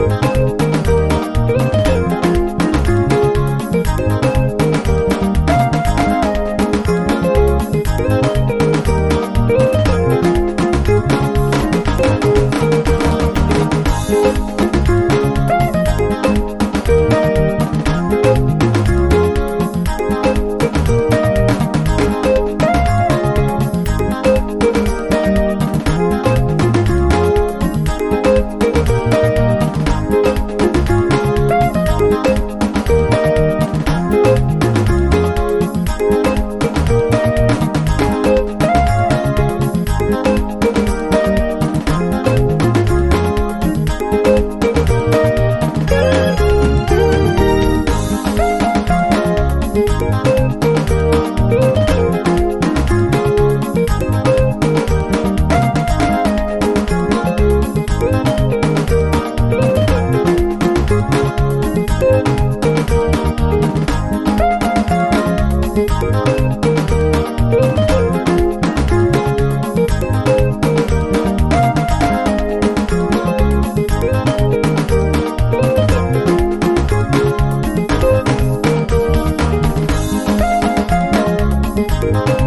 Thank you. you.